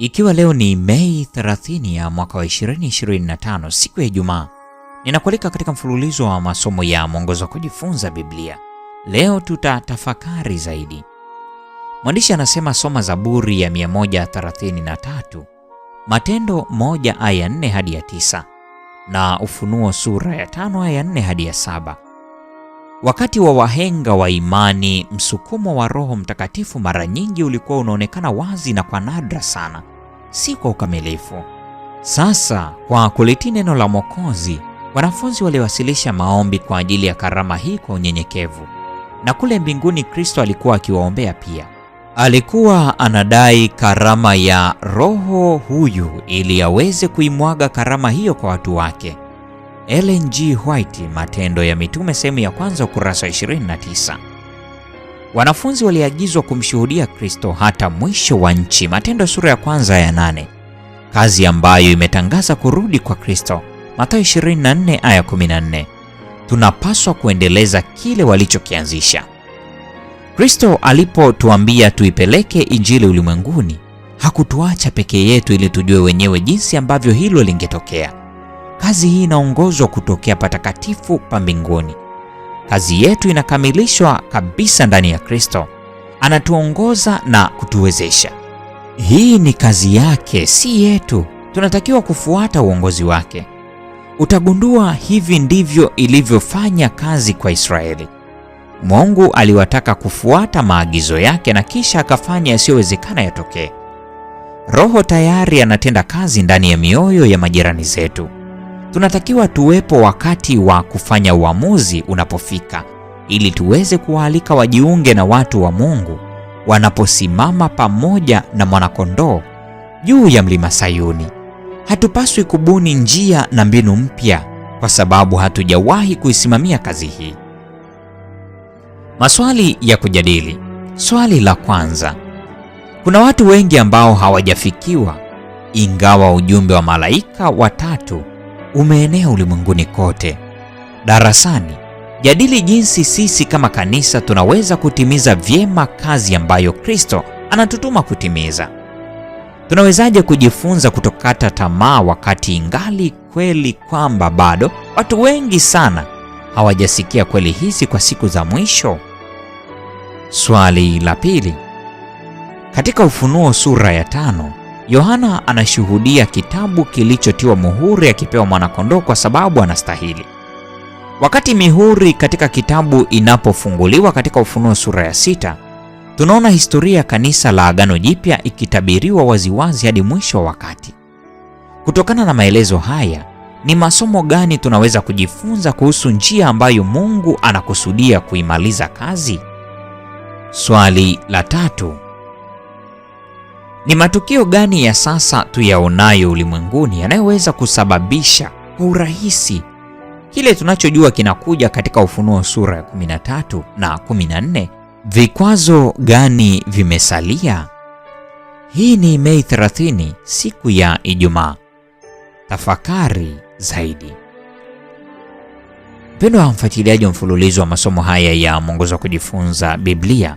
Ikiwa leo ni Mei 30 ya mwaka wa 2025 siku ya Ijumaa, ninakualika katika mfululizo wa masomo ya mwongozo wa kujifunza Biblia. Leo tutatafakari zaidi. Mwandishi anasema soma Zaburi ya 133, Matendo 1 aya 4 hadi ya 9 na Ufunuo sura ya 5 aya 4 hadi ya 7. Wakati wa wahenga wa imani, msukumo wa Roho Mtakatifu mara nyingi ulikuwa unaonekana wazi na kwa nadra sana, si kwa ukamilifu. Sasa kwa kulitii neno la Mwokozi, wanafunzi waliwasilisha maombi kwa ajili ya karama hii kwa unyenyekevu, na kule mbinguni Kristo alikuwa akiwaombea pia. Alikuwa anadai karama ya Roho huyu ili aweze kuimwaga karama hiyo kwa watu wake. Ellen G. White, Matendo ya Mitume sehemu ya kwanza ukurasa 29. Wanafunzi waliagizwa kumshuhudia Kristo hata mwisho wa nchi, Matendo sura ya kwanza ya nane, kazi ambayo imetangaza kurudi kwa Kristo, Mathayo 24 aya 14. Tunapaswa kuendeleza kile walichokianzisha. Kristo alipotuambia tuipeleke injili ulimwenguni, hakutuacha peke yetu ili tujue wenyewe jinsi ambavyo hilo lingetokea. Kazi hii inaongozwa kutokea patakatifu pa mbinguni. Kazi yetu inakamilishwa kabisa ndani ya Kristo, anatuongoza na kutuwezesha. Hii ni kazi yake, si yetu. Tunatakiwa kufuata uongozi wake. Utagundua hivi ndivyo ilivyofanya kazi kwa Israeli. Mungu aliwataka kufuata maagizo yake na kisha akafanya yasiyowezekana yatokee. Roho tayari anatenda kazi ndani ya mioyo ya majirani zetu. Tunatakiwa tuwepo wakati wa kufanya uamuzi unapofika, ili tuweze kuwaalika wajiunge na watu wa Mungu wanaposimama pamoja na mwanakondoo juu ya mlima Sayuni. Hatupaswi kubuni njia na mbinu mpya kwa sababu hatujawahi kuisimamia kazi hii. Maswali ya kujadili. Swali la kwanza. Kuna watu wengi ambao hawajafikiwa ingawa ujumbe wa malaika watatu umeenea ulimwenguni kote. Darasani jadili jinsi sisi kama kanisa tunaweza kutimiza vyema kazi ambayo Kristo anatutuma kutimiza. Tunawezaje kujifunza kutokata tamaa wakati ingali kweli kwamba bado watu wengi sana hawajasikia kweli hizi kwa siku za mwisho? Swali la pili. Katika Ufunuo sura ya tano Yohana anashuhudia kitabu kilichotiwa muhuri akipewa mwanakondoo kwa sababu anastahili. Wakati mihuri katika kitabu inapofunguliwa katika Ufunuo sura ya sita, tunaona historia ya kanisa la Agano Jipya ikitabiriwa waziwazi hadi mwisho wa wakati. Kutokana na maelezo haya, ni masomo gani tunaweza kujifunza kuhusu njia ambayo Mungu anakusudia kuimaliza kazi? Swali la tatu. Ni matukio gani ya sasa tuyaonayo ulimwenguni yanayoweza kusababisha kwa urahisi kile tunachojua kinakuja katika Ufunuo sura ya 13 na 14? Vikwazo gani vimesalia? Hii ni Mei 30, siku ya Ijumaa. Tafakari zaidi. Mpendwa wa mfuatiliaji wa mfululizo wa masomo haya ya mwongozo wa kujifunza Biblia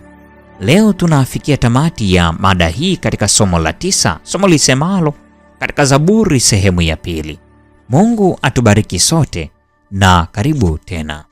Leo tunaafikia tamati ya mada hii katika somo la tisa, somo lisemalo katika Zaburi sehemu ya pili. Mungu atubariki sote na karibu tena.